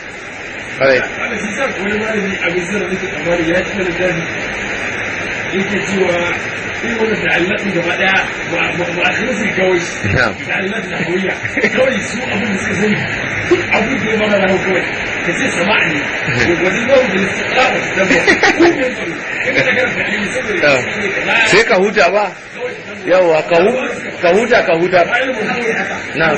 kare wani malami a misira nake tsammani ya ci wani gani yake cewa in wani ta'allafin gaba daya ba a shirin su kawai ta'allafin da hauyya kawai su abin da suka sani duk abin da ya mara na da lissu ɗawa su dabba ko sai ka huta ba yawa ka huta ka huta na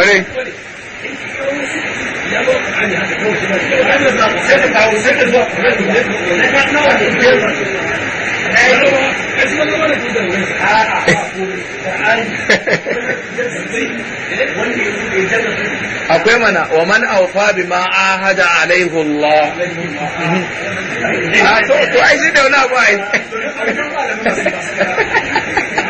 kare akwai mana wa man aufa bi ma ahada alaihi Allah a ah, to to ai shi da wani abu ai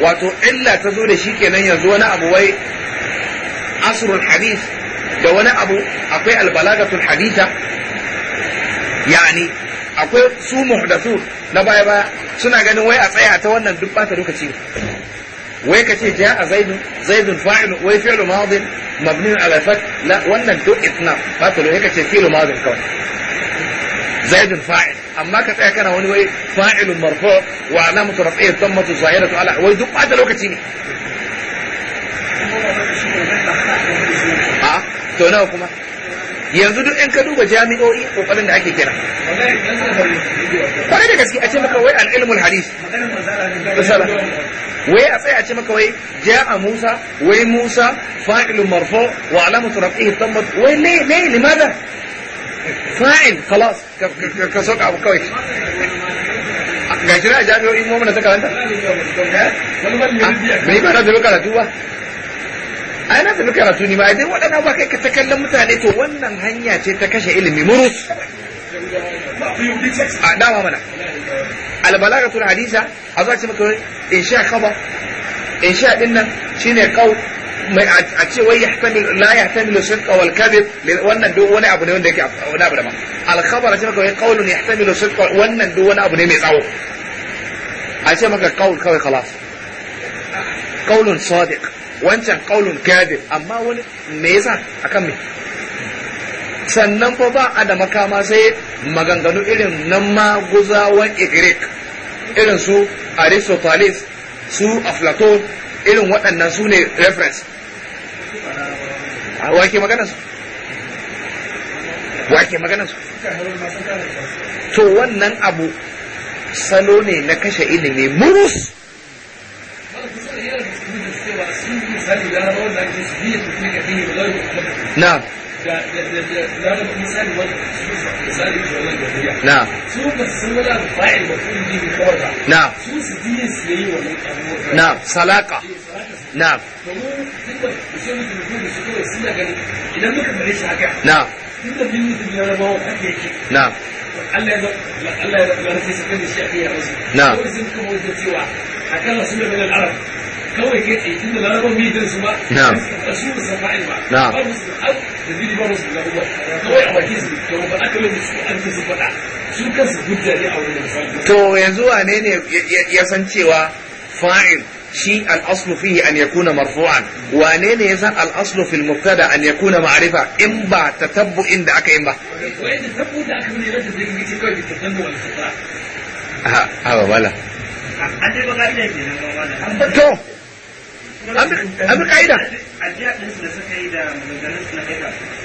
wato illa ta zo da shi kenan yanzu wani abu wai asrul hadith da wani abu akwai albalagatul haditha yani akwai su muhdathu na baya baya suna ganin wai a tsaya ta wannan duk ta lokaci wai ka ce ja'a zaidu zaidu fa'il wai fi'lu madin mabni ala fat la wannan duk itna bata lokaci ka fi'lu madin kawai zaidu fa'il amma ka tsaya kana wani wai fa'ilun marfu wa alama alamatu rafi'i tammatu zahiratu ala wai duk ba bata lokaci ne a ah, to nawa kuma yanzu duk in ka duba jami'o'i kokarin da ake kira kwarai da gaske a ce maka wai al'ilmul hadis wai a tsaye a ce maka wai ja'a musa wai musa fa'ilun marfu wa alamatu rafi'i tammat wai ne ne limada fa'il khalas ka soka abu kawai ga shi na jami'o'i mu mun karanta bai ba na zama karatu ba ai na zama karatu ne ba idan waɗannan ba kai ka ta kallon mutane to wannan hanya ce ta kashe ilimi murus a ah, dama mana albalagatul hadisa a za ce maka in sha kaba insha din nan shine kau a ce wai yahtamilu la yahtamilu sidqa wal kadhib wannan duk wani abu ne wanda yake wani abu daban al khabar shi kawai qaulun yahtamilu sidqa wannan duk wani abu ne mai tsawo a ce maka qaul kawai khalas qaulun sadiq wancan qaulun kadhib amma wani me yasa akan me sannan ko ba a da makama sai maganganu irin nan maguzawan igrik irin su aristotelis su aflato irin waɗannan su ne reference a wake maganarsu. wake maganarsu. to wannan abu salo ne na kashe ilimi murus na ذلك مثال مثال نعم su ba su san wani abu fa'il ba kuma bi bi kawai ba na'am su su diye su yi wannan abu na'am salaka na'am to mu duk ba su yi mutum da su kawai sun daga idan muka bare shi haka na'am duk da bin mutum ya rama wa haka yake na'am Allah ya Allah ya rantsa shi kan shi a kai ya musu na'am ko sun kuma wuce cewa akan rasulun min al-arab kawai kai tsaye tun da larabar mi din su ma su da ba ba da zini ba musu da kawai a su da ba aka musu an ta su faɗa su kansu ne a wurin to yanzu wane ne ya san cewa fa'il shi al'aslu fihi an yakuna marfu'an wane ne yasan al'aslu fil mubtada an yakuna ma'rifa in ba tatabbu'in da aka yi ba to an bi ka'ida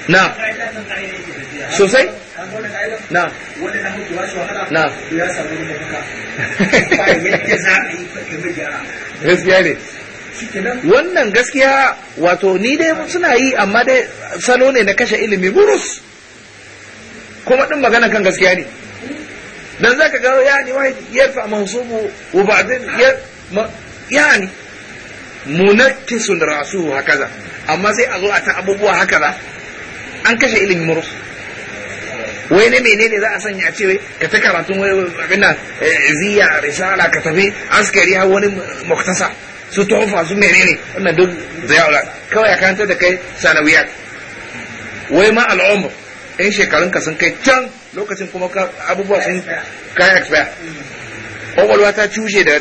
na sosai na na gaskiya ne wannan gaskiya wato ni dai suna yi amma dai salo ne na kashe ilimi burus kuma din magana kan gaskiya ne dan zaka ga yani wahid yarfa mansubu wa ba'din ni munakkisun rasuhu hakaza amma sai a zo a ta abubuwa hakaza an kashe ilimin murus wai ne menene za a sanya a ce ka ta karatun abin eh, ziya risala ka tafi askari har wani muktasa su tofa su menene wannan duk zayaula kawai ya kanta da kai sanawiyat wai ma al'umr in ka sun kai can lokacin kuma abubuwa sun kai expire kwakwalwa ta cushe da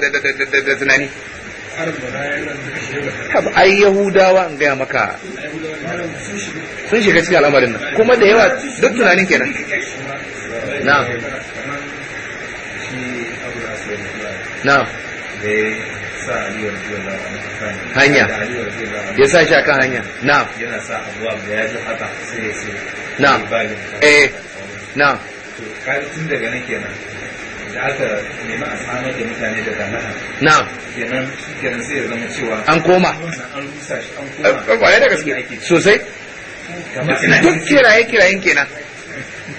tunani ai yahudawa an gaya maka sun shiga cikin al'amarin nan kuma da yawa duk tunanin kenan na na hanya ya sa shi akan hanya na yana sa na eh na tun daga nan kenan da aka nemi a samar da mutane daga nan na an koma kwaye eh, da gaske sosai duk kiraye kirayen kenan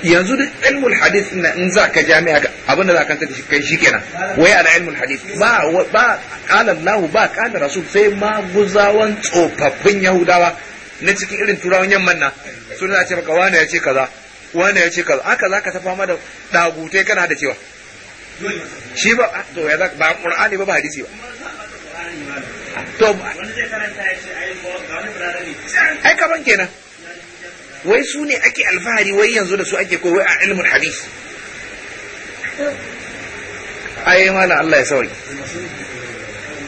yanzu duk ilmul hadith na in za ka jami'a abin da za ka kanta kai shi kenan wai ala ilmul hadith ba ba qala Allah ba qala rasul sai ma guzawan tsofaffin yahudawa na cikin irin turawan yamman nan suna ce maka wani ya ce kaza wani ya ce kaza haka zaka ta fama da dagutai kana da cewa shi ba to ya ba qur'ani ba ba hadisi ba to ai kaman kenan wai su ne ake alfahari wai yanzu da su ake ko wai a ilmin hadis ai mala Allah ya sauki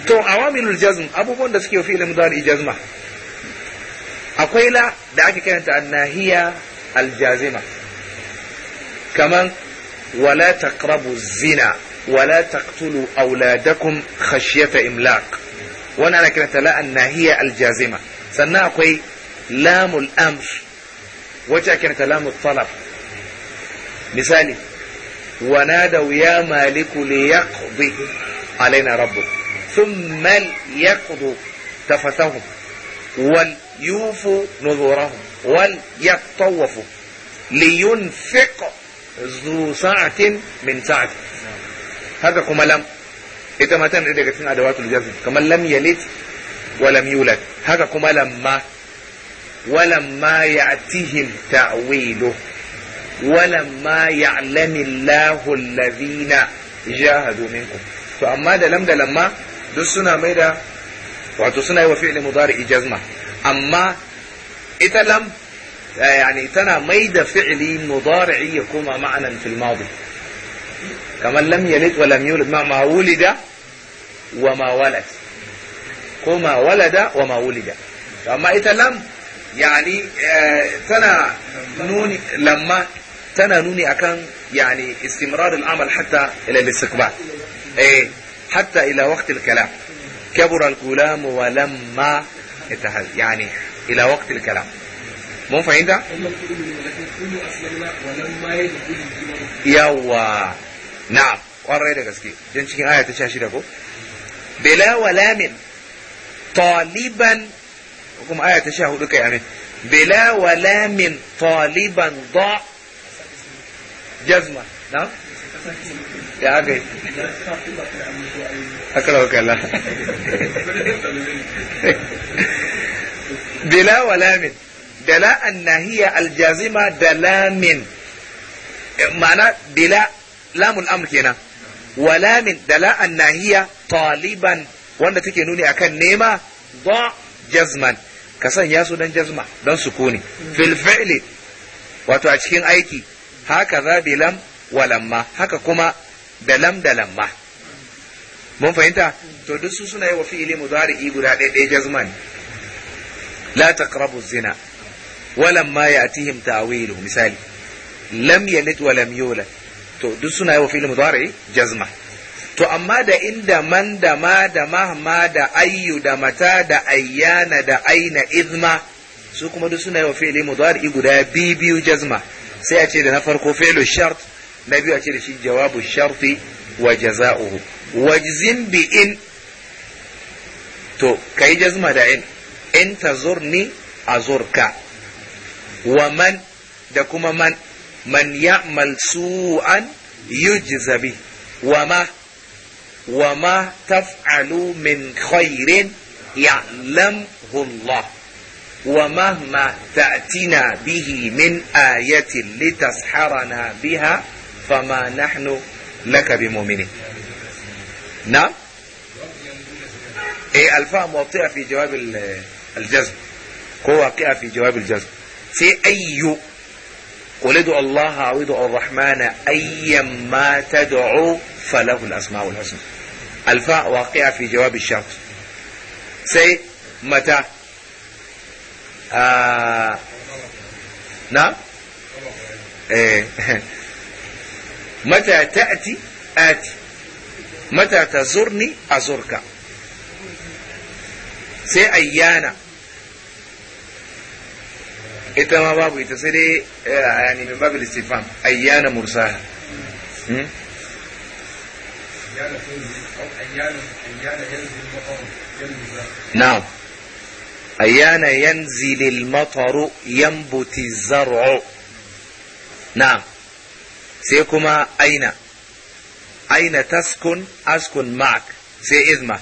to awamilul jazm abubuwan da suke fi ilmin da ijazma akwai la da ake kiranta annahiya aljazima kaman ولا تقربوا الزنا ولا تقتلوا أولادكم خشية إملاق وانا انا كده لا هي الجازمة سنة أخوي لام الأمر وجه كده لام الطلب مثالي ونادوا يا مالك ليقضي علينا ربك ثم ليقضوا تفتهم وليوفوا نذورهم وليطوفوا لينفق zu sa'atin min sa'at haka kuma lam ita ma tana daga cikin adawatul jazm kamar lam yalid wa lam yulad kuma lamma ولما يأتهم تأويله ولما يعلم الله الذين جاهدوا منكم فأما ده لم ده لما duk suna mai wato suna yi wa fi'li mudari ijazma amma ita lam آه، يعني تنا ميد فعلي مضارع يكون معنا في الماضي كمان لم يلد ولم يولد ما ولد وما ولد كما ولد وما ولد فما إذا لم يعني آه، تنا نون لما تنا نوني أكان يعني استمرار العمل حتى إلى الاستقبال إيه، حتى إلى وقت الكلام كبر الغلام ولما يعني إلى وقت الكلام mun fahimta yawa na kwarai da gaske don cikin aya ta sha shida ko bela walamin taliban kuma aya ta sha hudu kai amin بلا ولا من طالبا Jazma na. Ya يا Akala أكرهك الله بلا dala annahiya aljazima Dalamin ma'ana bila lamun amr kenan walamin lamin dala annahiya taliban wanda take nuni akan nema ba jazman ka sanya su dan jazma dan sukuni fil fi'li wato a cikin aiki haka za bilam walamma haka kuma dalam dalamma mun fahimta to duk su suna yi wa fi'ili mudari'i guda ɗaya ɗaya jazman la taqrabu zina walam ma ya'tihim ta'wilu misali lam yalid wa lam yulad to duk suna yi wa fi'il mudari jazma to amma da inda man da ma da mahma da ayyu da mata da ayyana da aina idma su kuma duk suna yi wa fi'il mudari guda biyu jazma sai a ce da na farko fi'il shart na biyu a ce da shi jawabu sharti wa jaza'uhu wajzim bi in to kai jazma da in in tazurni azurka ومن دكما من من يعمل سوءا يجز به وما وما تفعل من خير يعلمه الله ومهما تأتنا به من آية لتسحرنا بها فما نحن لك بمؤمنين نعم ايه الفاء موطئة في جواب الجزم هو واقعة في جواب الجزم سي أي قل ادعوا الله او ادعوا الرحمن ما تدعو فله الاسماء الحسنى الفاء واقعه في جواب الشرط سي متى آه نعم إيه. متى تاتي اتي متى تزرني ازرك سي ايانا ita ma babu ita sai dai yani min babu istifam ayyana mursaha نعم أيان ينزل المطر ينبت الزرع نعم سيكما أين أين تسكن أسكن معك سيئذمه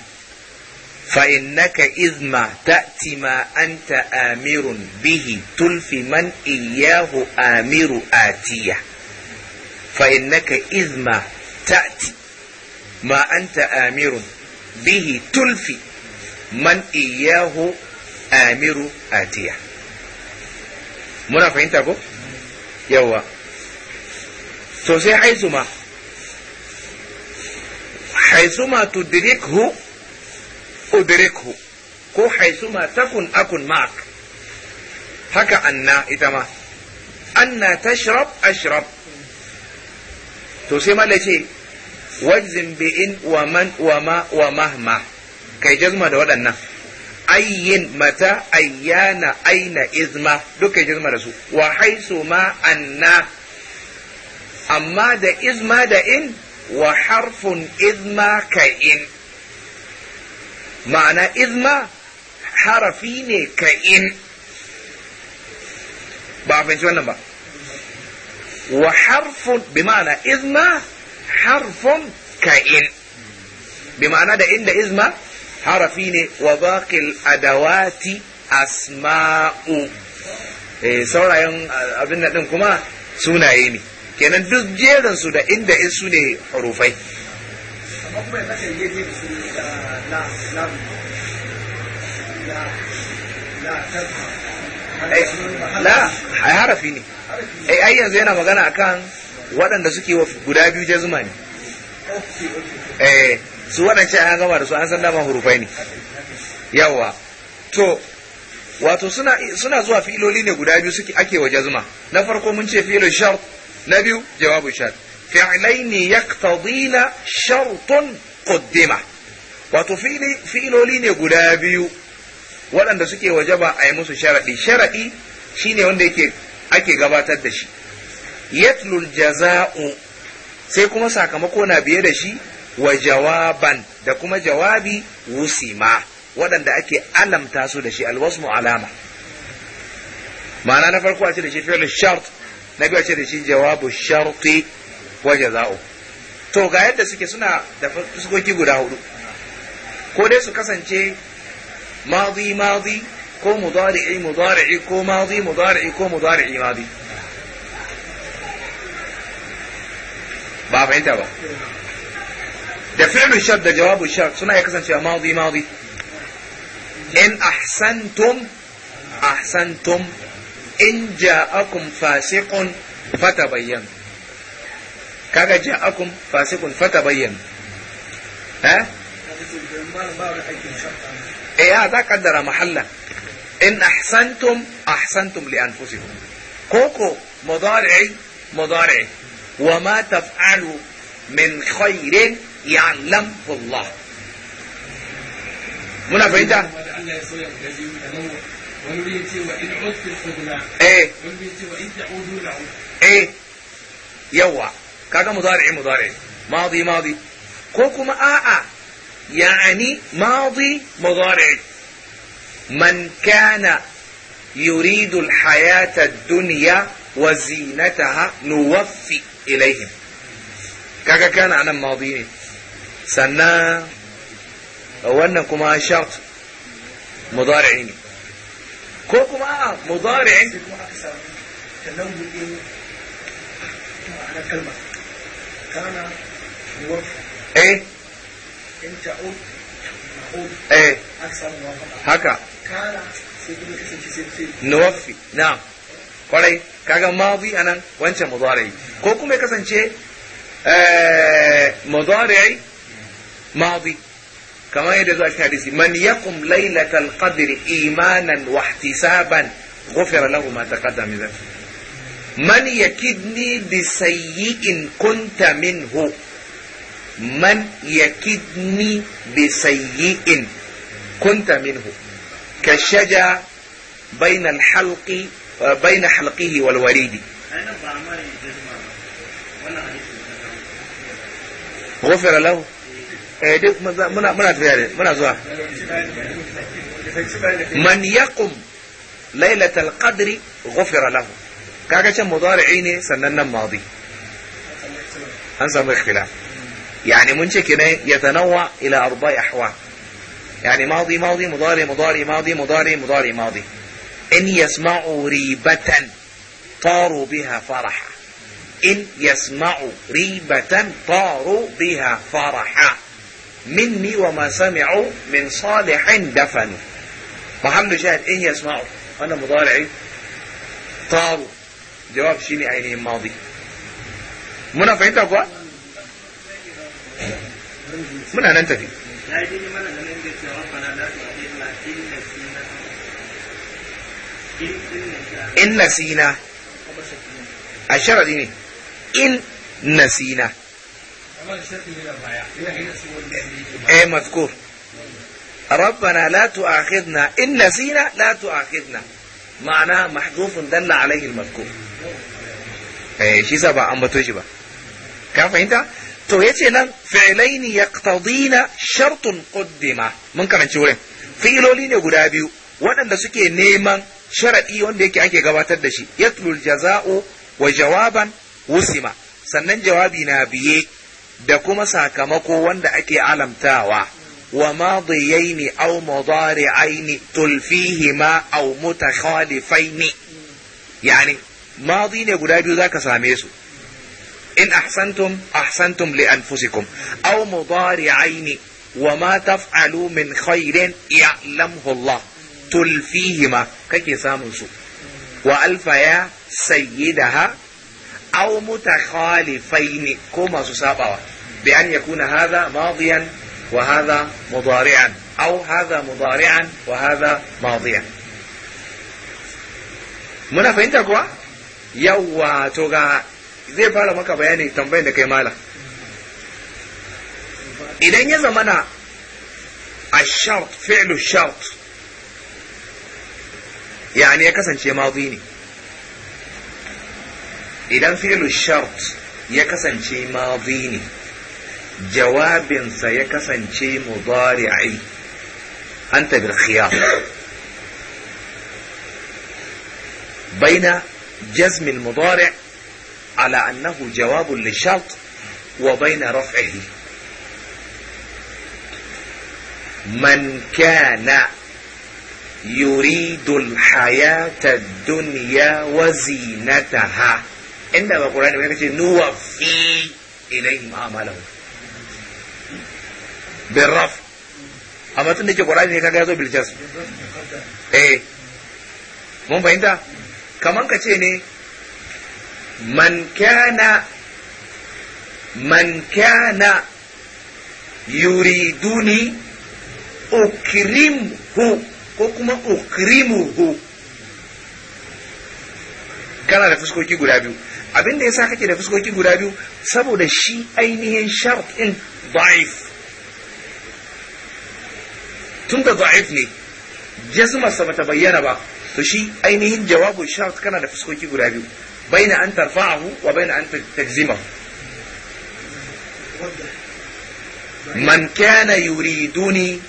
فإنك إذ ما تأتي ما أنت آمر به تلفي من إياه آمر آتية فإنك إذ ما تأتي ما أنت آمر به تلفي من إياه آمر آتية muna fahimta ko yawa to sai haizuma haizuma tudrikhu udrikhu ko haisuma takun akun mak haka anna ita ma anna tashrab ashrab to sai mala ce wajzin bi in wa man wa ma wa mahma kai jazma da waɗannan ayyin mata ayyana aina izma duk kai jazma da su wa haisuma anna amma da izma da in wa harfun izma ka in ma'ana izma harafi ne ka in ba a fahimci wannan ba wa harfun bi ma'ana izma harfun ka in bi ma'ana da inda izma harafi ne wa baƙil adawati asma'u eh, saurayen eh, abin da ɗin kuma sunaye ne kenan duk jerinsu da inda in su ne hurufai لا لا لا لا la harafi ne ai ai yanzu yana magana akan waɗanda suke wa guda biyu jazma ne eh su waɗancan an gama da su an san dama hurufai ne yawa to wato suna suna zuwa filoli ne guda biyu suke ake wa jazma na farko mun ce filo shart na biyu jawabu shart fi'laini yaqtadina shartun qaddima wato fi'iloli ne guda biyu waɗanda suke wajaba a yi musu sharaɗi sharaɗi shine wanda yake ake gabatar da shi yatlul jaza'u sai kuma sakamako na biye da shi wa jawaban da kuma jawabi wusima waɗanda ake alamta su da shi alwasmu alama ma'ana na farko a ce da shi fi'il shart na biyu a ce da shi jawabu sharti wa jaza'u to ga yadda suke suna da fuskoki guda hudu ko dai su kasance madi madi ko mudari'i mudari'i ko madi mudari'i ko mudari'i madi ba fahimta ba da fi'lu shart da jawabu shart suna ya kasancewa madi madi in ahsantum ahsantum in ja'akum fasiqun fatabayyan kaga ja'akum fasiqun fatabayyan eh اي هذا آه، قدر محلا ان احسنتم احسنتم لانفسكم كوكو مضارعي مضارعي وما تفعلوا من خير يعلمه الله منا فايدة ايه ايه يوا كذا مضارعي مضارعي ماضي ماضي كوكو ما آآ آه آه. يعني ماضي مضارع من كان يريد الحياة الدنيا وزينتها نوفي إليهم كذا كان عن الماضي سنة وأنكما أشرت مضارعين كوكما مضارع كان يوفي ايه انت ام ام ايه اكثر هكا كان نوفي نعم kwarai kaga madi anan wancan mudari ko kuma ya kasance mudari madi kamar yadda zuwa cikin hadisi man yaqum lailatal qadr imanan wa ihtisaban ghufira lahu ma taqaddama min dhanbi man yakidni bi sayyi'in kunta minhu man yakidni bi in kunta minhu ka shaja bayna al-halqi غفر uh, له eh duk muna muna tafiya da muna kaga can ne sannan nan an samu ikhtilaf يعني منشك كده يتنوع إلى أربع أحوال يعني ماضي ماضي مضارع مضارع ماضي مضارع مضارع ماضي إن يسمعوا ريبة طاروا بها فرحا إن يسمعوا ريبة طاروا بها فرحا مني وما سمعوا من صالح دفنوا محمد شاهد إن يسمعوا أنا مضارعي طاروا جواب شيني عينهم ماضي منى فهمت أبواب muna nan tafi in nasina a sharadi ne in nasina eh mazkur ربنا لا تؤاخذنا إن نسينا لا تؤاخذنا معناها محذوف دل عليه المذكور eh shi sa ba an bato shi ba ka fahimta to yace nan fi'laini yaqtadina shartun quddima mun karanci wurin fi'iloli ne guda biyu waɗanda suke neman sharadi wanda yake ake gabatar da shi yatlul jaza'u wa jawaban wusima sannan jawabi na biye da kuma sakamako wanda ake alamtawa wa madiyaini aw mudari'aini tulfihima aw mutakhalifaini yani madi ne guda biyu zaka same su إن أحسنتم أحسنتم لأنفسكم أو مضارعين وما تفعلوا من خير يعلمه الله تلفيهما كيف سامن سوء وألف يا سيدها أو متخالفين كما سسابوا بأن يكون هذا ماضيا وهذا مضارعا أو هذا مضارعا وهذا ماضيا منا fahimta kuwa yawwa zai fara maka bayani tambayar da kai malam idan ya zamana a shart fi'lu shart yani ya kasance mazi ne idan fi'lu shart ya kasance mazi ne jawabinsa ya kasance mudari'i anta bil khiyar baina jazmin mudari' على أنه جواب للشرط وبين رفعه من كان يريد الحياة الدنيا وزينتها عندما القرآن يقول نوفي إليهم أعمالهم بالرفع amma tun da ke ƙwararri ne kaga ya zo biljas eh mun fahimta kamar ka ce ne man kana man kana yuriduni ukrimhu ko kuma ukrimuhu kana da fuskoki guda biyu abin da yasa kake da fuskoki guda biyu saboda shi ainihin shart in da'if tunda da'if ne jazmarsa bata bayyana ba to shi ainihin jawabin shart kana da fuskoki guda biyu baina an tarfa'ahu wa baina an tajzimahu man kana yuriduni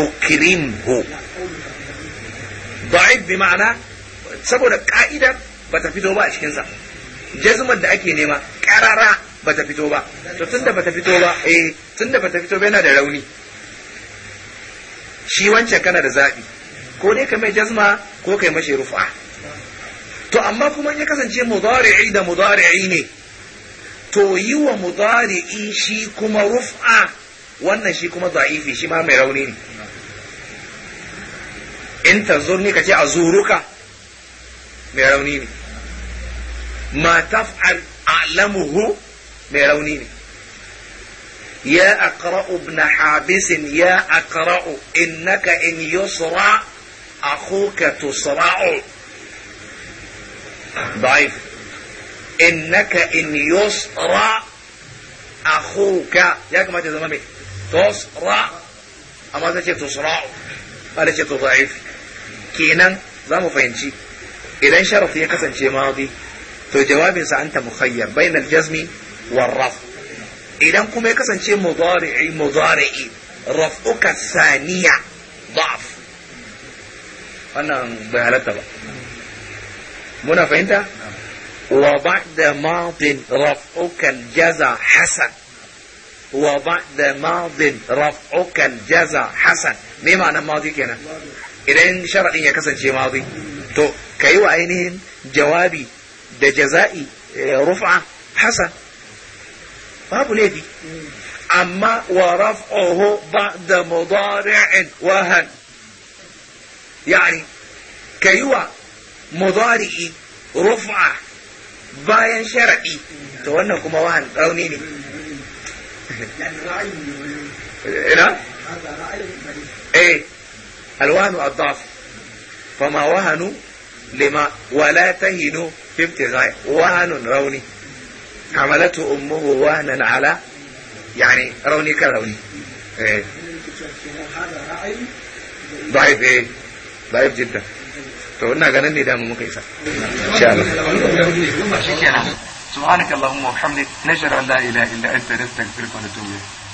ukrimhu da'if bi ma'ana saboda ka'idar bata fito ba a cikinsa jazmar da ake nema karara bata fito ba to tunda bata fito ba eh tunda bata fito ba yana da rauni shi wancan kana da zaɓi ko dai ka mai jazma ko kai mashi rufa to amma kuma ya kasance mudari'i da mudari'i ne to yi wa mudari'i shi kuma rufa wannan shi kuma za'ifi shi ma mai rauni ne in tanzur ne kace azuruka mai rauni ne ma taf'al a'lamuhu mai rauni ne ya aqra'u ibn habisin ya aqra'u innaka in yusra akhuka tusra'u ضعيف إنك إن يسرى أخوك يا كما تزمان به تسرى أما تشي تسرى قال تشي تضعيف كينا زام فينشي إذا شرط يكسن شي ماضي تو جواب أنت مخير بين الجزم والرفع إذا كما يكسن شي مضارعي مضارعي رفعك الثانية ضعف wannan bai halatta ba منى فهمت وبعد ماض رفعك الجزا حسن وبعد ماض رفعك الجزا حسن ما معنى ماضي كنا اذا شرط ان يكسن شيء ماضي تو كيو عينهم جوابي ده جزائي رفعة حسن ما بنيتي اما ورفعه بعد مضارع وهن يعني كيو mudari'i rufa bayan sharaɗi to wannan kuma wahan rauni ne ina eh alwanu adaf fama wahanu lima wala tahinu fi ibtizai wahanun rauni حملته أمه ala yani rauni ka rauni. eh ضعيف ايه ضعيف جدا to ina ganin ne da mu muka isa insha Allah subhanakallahumma wa bihamdik nashhadu an la ilaha illa anta nastaghfiruka wa natubu ilayk